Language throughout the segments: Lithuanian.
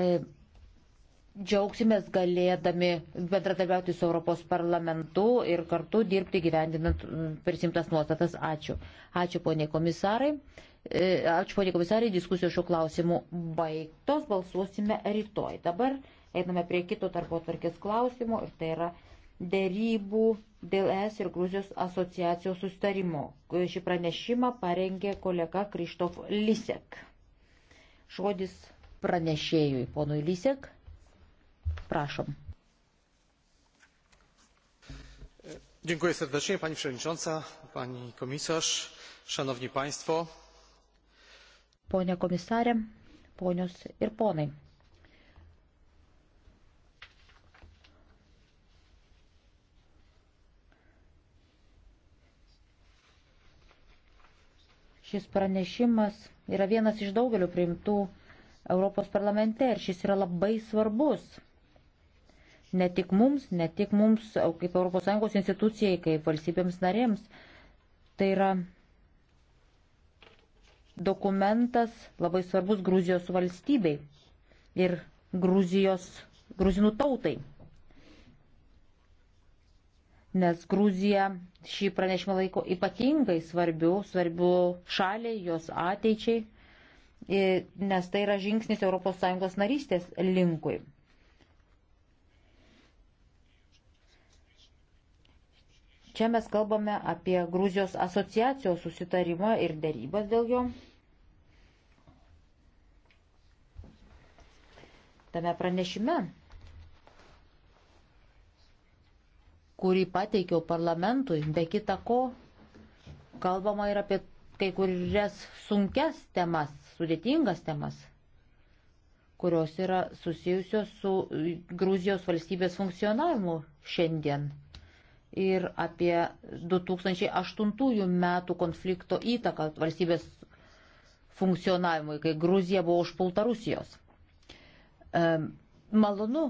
E, džiaugsimės galėdami bendradarbiauti su Europos parlamentu ir kartu dirbti gyvendinant prisimtas nuostatas. Ačiū. Ačiū poniai komisarai. E, ačiū poniai komisarai, diskusijos šiuo klausimu baigtos, balsuosime rytoj. Dabar einame prie kito tarpo tvarkės klausimo ir tai yra dėrybų dėl ES ir Gruzijos asociacijos sustarimo. Šį pranešimą parengė kolega Krištof Lisek. Žodis pranešėjui, ponui Lysek. Prašom. Dziękuję serdecznie Pani Przewodnicząca, Pani Komisarz, Szanowni Państwo. Pone komisarė, ponios ir ponai. šis pranešimas yra vienas iš daugelio priimtų Europos parlamente ir šis yra labai svarbus. Ne tik mums, ne tik mums, kaip ES institucijai, kaip valstybėms narėms. Tai yra dokumentas labai svarbus Gruzijos valstybei ir Gruzijos, gruzinų tautai. Nes Gruzija šį pranešimą laiko ypatingai svarbiu, svarbiu šaliai, jos ateičiai nes tai yra žingsnis ES narystės linkui. Čia mes kalbame apie Gruzijos asociacijos susitarimą ir dėrybas dėl jo. Tame pranešime, kurį pateikiau parlamentui, be kita ko, kalbama ir apie kai kurias sunkes temas, sudėtingas temas, kurios yra susijusios su Gruzijos valstybės funkcionavimu šiandien ir apie 2008 metų konflikto įtaką valstybės funkcionavimui, kai Gruzija buvo užpulta Rusijos. Malonu,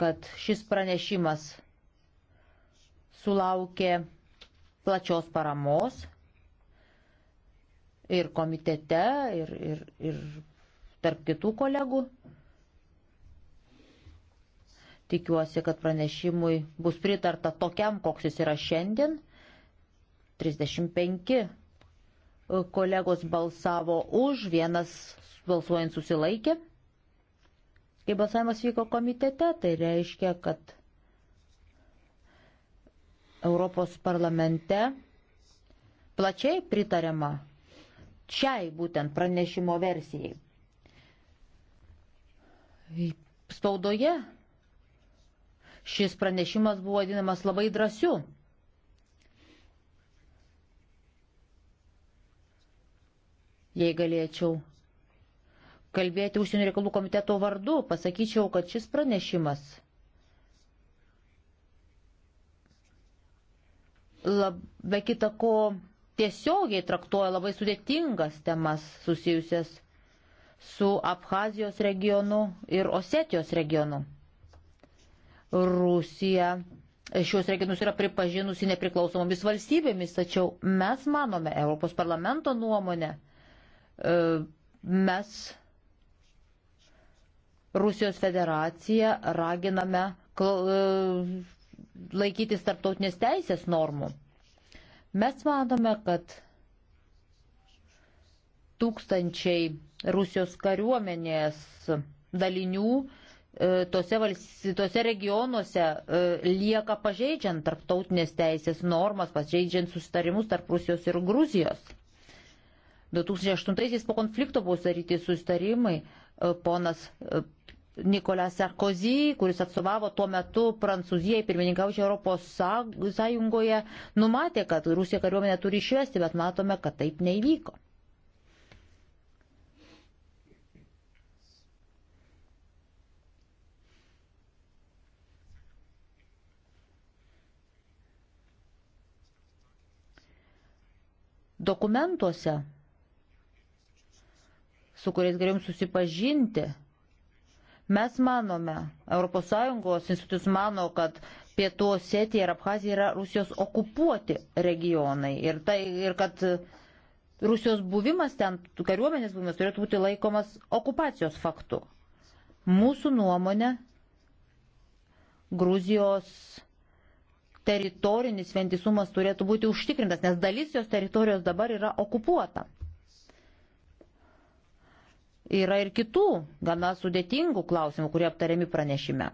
kad šis pranešimas sulaukė plačios paramos ir komitete, ir, ir, ir tarp kitų kolegų. Tikiuosi, kad pranešimui bus pritarta tokiam, koks jis yra šiandien. 35 e, kolegos balsavo už, vienas balsuojant susilaikė. Kai balsavimas vyko komitete, tai reiškia, kad Europos parlamente plačiai pritariama šiai būtent pranešimo versijai. Spaudoje šis pranešimas buvo vadinamas labai drąsiu. Jei galėčiau kalbėti užsienio reikalų komiteto vardu, pasakyčiau, kad šis pranešimas labai kita ko tiesiogiai traktuoja labai sudėtingas temas susijusias su Abhazijos regionu ir Osetijos regionu. Rusija šios regionus yra pripažinusi nepriklausomomis valstybėmis, tačiau mes manome, Europos parlamento nuomonė, e, mes Rusijos federaciją raginame e, laikytis tarptautinės teisės normų. Mes matome, kad tūkstančiai Rusijos kariuomenės dalinių e, tose, vals, tose regionuose e, lieka pažeidžiant tarptautinės teisės normas, pažeidžiant sustarimus tarp Rusijos ir Gruzijos. 2008-aisiais po konflikto buvo sudaryti sustarimai, e, ponas Nikolas Sarkozy, kuris atstovavo tuo metu Prancūzijai pirmininkaučiai Europos Sąjungoje, numatė, kad Rusija kariuomenė turi išvesti, bet matome, kad taip neįvyko. Dokumentuose, su kuriais galim susipažinti, Mes manome, ES institucijos mano, kad Pietų Osetija ir Abhazija yra Rusijos okupuoti regionai ir, tai, ir kad Rusijos buvimas ten, kariuomenės buvimas turėtų būti laikomas okupacijos faktu. Mūsų nuomonė, Gruzijos teritorinis vientisumas turėtų būti užtikrintas, nes dalis jos teritorijos dabar yra okupuota. Yra ir kitų gana sudėtingų klausimų, kurie aptariami pranešime.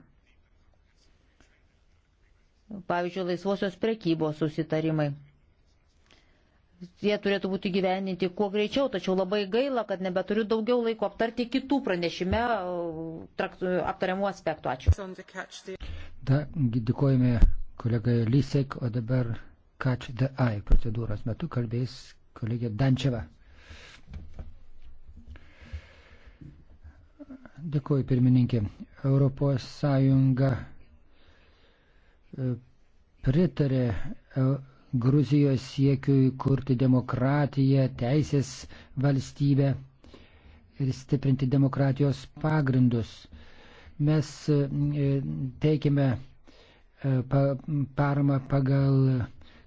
Pavyzdžiui, laisvosios prekybos susitarimai. Jie turėtų būti gyveninti kuo greičiau, tačiau labai gaila, kad nebeturiu daugiau laiko aptarti kitų pranešime traktu, aptariamų aspektų. Ačiū. Da, dėkojame kolegai Lysek, o dabar Catch the Eye procedūros metu kalbės kolegė Dančeva. Dėkuoju, pirmininkė. Europos Sąjunga e, pritarė e, Gruzijos siekiui kurti demokratiją, teisės valstybę ir stiprinti demokratijos pagrindus. Mes e, teikiame paramą pagal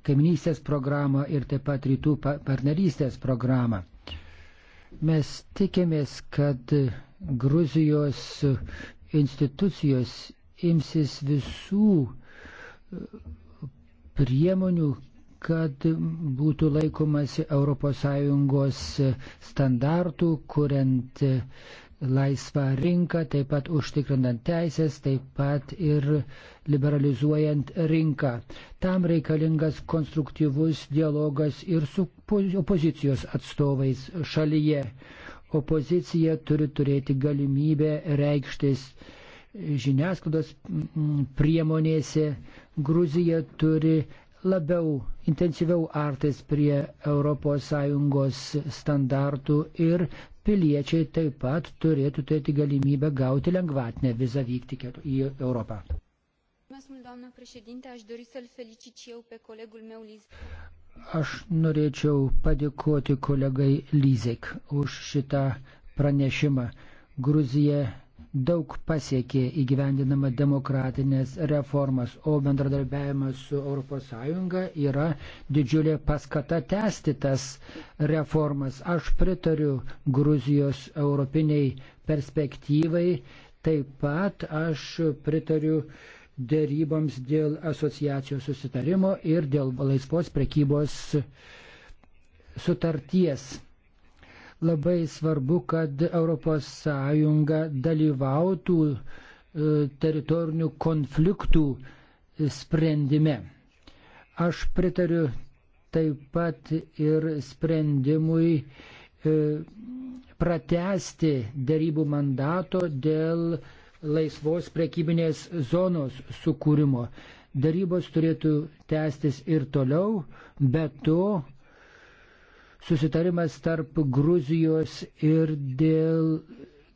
kaiminystės programą ir taip pat rytų partnerystės programą. Mes tikėmės, kad Gruzijos institucijos imsis visų e, priemonių, kad būtų laikomasi ES standartų, kuriant e, laisvą rinką, taip pat užtikrinant teisės, taip pat ir liberalizuojant rinką. Tam reikalingas konstruktyvus dialogas ir su opozicijos atstovais šalyje. Opozicija turi turėti galimybę reikštis žiniasklaidos mm, priemonėse. Gruzija turi labiau, intensyviau artis prie ES standartų ir piliečiai taip pat turėtų turėti galimybę gauti lengvatinę vizą vykti į Europą. Aš norėčiau padėkoti kolegai Lyzek už šitą pranešimą. Gruzija daug pasiekė įgyvendinama demokratinės reformas, o bendradarbiavimas su ES yra didžiulė paskata tęsti tas reformas. Aš pritariu Gruzijos europiniai perspektyvai, taip pat aš pritariu dėryboms dėl asociacijos susitarimo ir dėl laisvos prekybos sutarties. Labai svarbu, kad ES dalyvautų e, teritorinių konfliktų sprendime. Aš pritariu taip pat ir sprendimui e, pratesti darybų mandato dėl laisvos prekybinės zonos sukūrimo. Darybos turėtų tęstis ir toliau, bet to susitarimas tarp Gruzijos ir dėl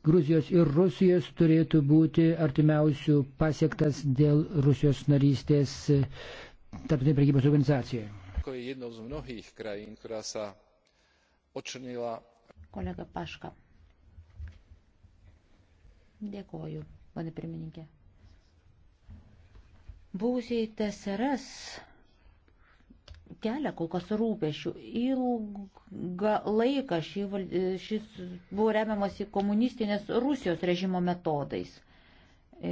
Gruzijos ir Rusijos turėtų būti artimiausių pasiektas dėl Rusijos narystės tarptautinėje prekybos organizacijoje. Kolega Paška. Dėkoju, pane pirmininkė. Buvusiai TSRS kelia kol kas rūpešių. Ilgą laiką šį, šis buvo remiamasi komunistinės Rusijos režimo metodais. E,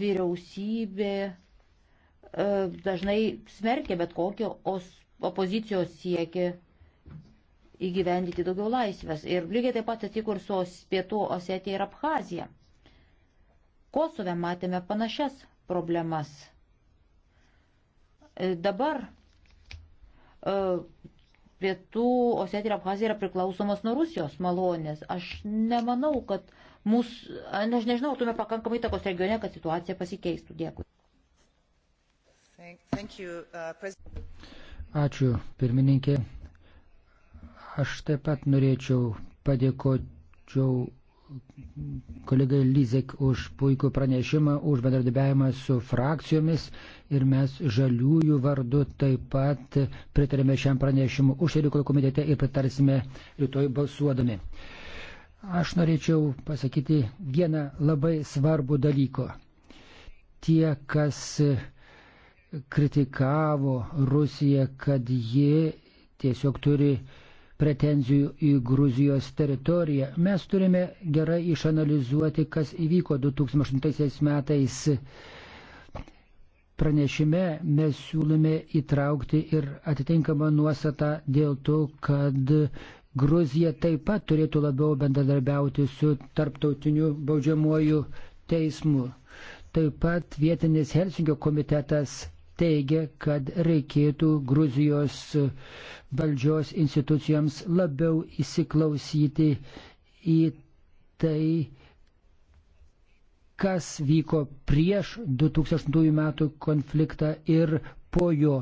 vyriausybė e, dažnai smerkė bet kokio opozicijos siekį įgyvendyti daugiau laisvės. Ir lygiai taip pat atsitiko ir su pietų Osetija ir Abhazija. Kosove matėme panašias problemas e, dabar E, pietų Osetija ir Abhazija yra priklausomos nuo Rusijos malonės. Aš nemanau, kad mūsų, aš nežinau, turime pakankamai įtakos regione, kad situacija pasikeistų. Dėkui. Thank you, uh, Ačiū, pirmininkė. Aš taip pat norėčiau padėkočiau kolegai Lizek už puikų pranešimą, už bendradarbiavimą su frakcijomis ir mes žaliųjų vardu taip pat pritarėme šiam pranešimu užsienio reikalų komitete ir pritarsime rytoj balsuodami. Aš norėčiau pasakyti vieną labai svarbų dalyko. Tie, kas kritikavo Rusiją, kad ji tiesiog turi pretenzijų į Gruzijos teritoriją. Mes turime gerai išanalizuoti, kas įvyko 2008 metais. Pranešime mes siūlome įtraukti ir atitinkamą nuostatą dėl to, kad Gruzija taip pat turėtų labiau bendradarbiauti su tarptautiniu baudžiamuoju teismu. Taip pat vietinis Helsinkio komitetas teigia, kad reikėtų Gruzijos valdžios institucijoms labiau įsiklausyti į tai, kas vyko prieš 2002 metų konfliktą ir po jo.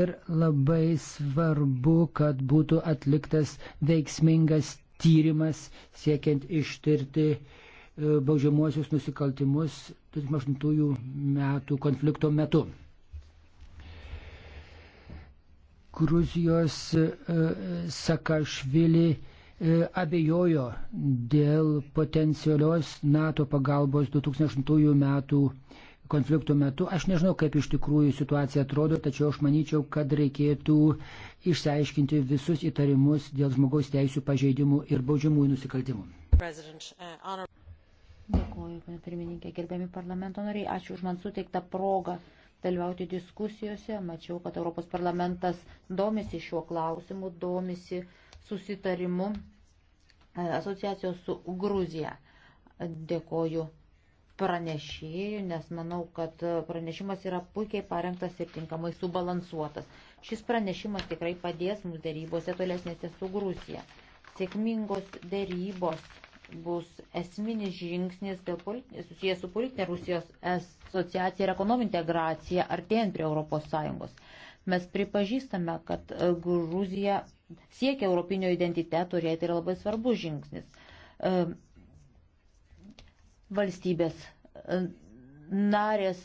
Ir labai svarbu, kad būtų atliktas veiksmingas tyrimas siekiant ištirti e, baudžiamuosius nusikaltimus 2008 metų konflikto metu. Gruzijos e, Sakašvili e, abejojo dėl potencialios NATO pagalbos 2008 metų konflikto metu. Aš nežinau, kaip iš tikrųjų situacija atrodo, tačiau aš manyčiau, kad reikėtų išsiaiškinti visus įtarimus dėl žmogaus teisų pažeidimų ir baudžiamųjų nusikaltimų. Uh, Dėkuoju, pirmininkė, gerbiami parlamento nariai, ačiū už man suteiktą progą dalyvauti diskusijose. Mačiau, kad Europos parlamentas domisi šiuo klausimu, domisi susitarimu e, asociacijos su Gruzija. Dėkoju pranešėjų, nes manau, kad pranešimas yra puikiai parengtas ir tinkamai subalansuotas. Šis pranešimas tikrai padės mums dėrybose tolesnėse su Gruzija. Sėkmingos dėrybos bus esminis žingsnis susijęs su politinė Rusijos asociacija ir ekonominė integracija artėjant prie ES. Mes pripažįstame, kad e, Gruzija siekia europinio identiteto ir jai tai yra labai svarbus žingsnis. E, valstybės e, narės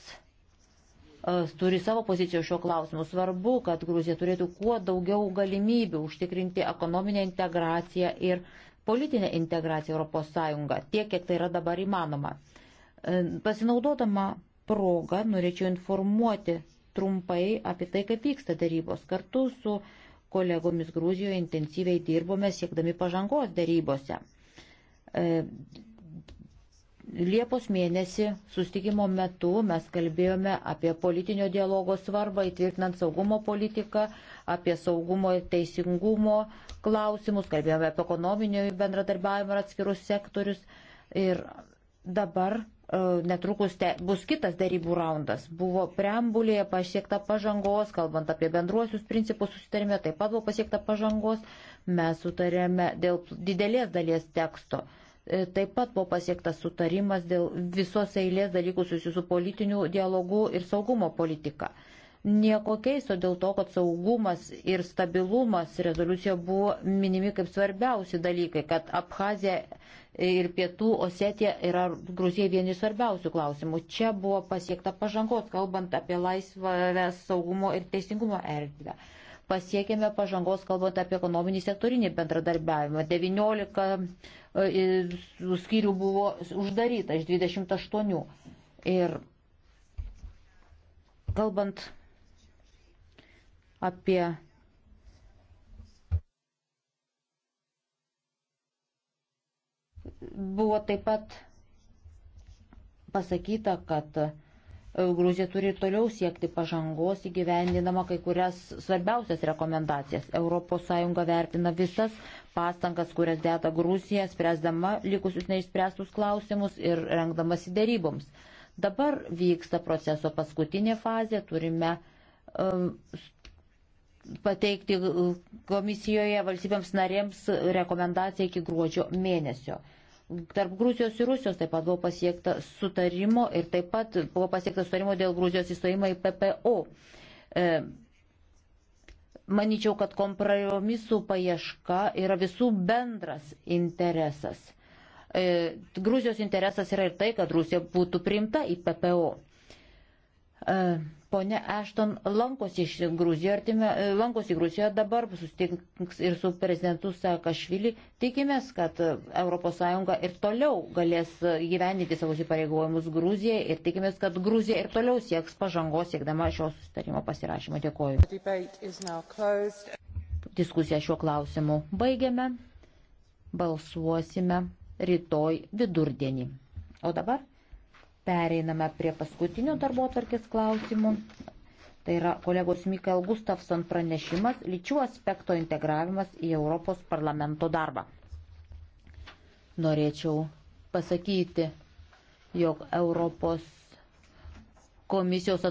turi savo poziciją šio klausimu. Svarbu, kad Gruzija turėtų kuo daugiau galimybių užtikrinti ekonominę integraciją ir politinę integraciją Europos Sąjungą, tiek, kiek tai yra dabar įmanoma. E, pasinaudodama progą norėčiau informuoti trumpai apie tai, kaip vyksta darybos. Kartu su kolegomis Gruzijoje intensyviai dirbome siekdami pažangos darybose. E, Liepos mėnesį sustikimo metu mes kalbėjome apie politinio dialogo svarbą, įtvirtinant saugumo politiką, apie saugumo ir teisingumo klausimus, kalbėjome apie ekonominio bendradarbiavimą ir atskirus sektorius. Ir dabar e, netrukus te, bus kitas darybų raundas. Buvo preambulėje pasiekta pažangos, kalbant apie bendruosius principus susitarime, taip pat buvo pasiekta pažangos, mes sutarėme dėl didelės dalies teksto. E, taip pat buvo pasiektas sutarimas dėl visos eilės dalykų susijusių su politiniu dialogu ir saugumo politika. Nieko keisto dėl to, kad saugumas ir stabilumas rezoliucija buvo minimi kaip svarbiausi dalykai, kad Abhazija ir Pietų Osetija yra Gruzija vieni svarbiausių klausimų. Čia buvo pasiekta pažangos, kalbant apie laisvę saugumo ir teisingumo erdvę pasiekėme pažangos, kalbant apie ekonominį sektorinį bendradarbiavimą. 19 e, skyrių buvo uždaryta iš 28. Ir kalbant apie buvo taip pat pasakyta, kad E, Gruzija turi ir toliau siekti pažangos įgyvendinama kai kurias svarbiausias rekomendacijas. ES vertina visas pastangas, kurias deda Gruzija, spręsdama likusius neišspręstus klausimus ir rengdamasi dėryboms. Dabar vyksta proceso paskutinė fazė, turime um, pateikti uh, komisijoje valstybėms narėms rekomendaciją iki gruodžio mėnesio. Tarp Gruzijos ir Rusijos taip pat buvo pasiekta sutarimo ir taip pat buvo pasiekta sutarimo dėl Gruzijos įstojimo į PPO. E, manyčiau, kad kompromisų paieška yra visų bendras interesas. E, Gruzijos interesas yra ir tai, kad Rusija būtų priimta į PPO. E, Pone Ešton lankosi, Gruzijoje, e, lankosi Gruzijoje dabar, sustinks ir su prezidentu Sakašvili. Tikimės, kad ES ir toliau galės gyvendyti savo įpareigojimus Gruzijai ir tikimės, kad Gruzija ir toliau sieks pažangos siekdama šio sustarimo pasirašymo. Dėkoju. Diskusiją šiuo klausimu baigiame. Balsuosime rytoj vidurdienį. O dabar Pereiname prie paskutinio darbo atvarkės klausimų. Tai yra kolegos Mikael Gustafson pranešimas lyčių aspekto integravimas į Europos parlamento darbą. Norėčiau pasakyti, jog Europos komisijos atstovas.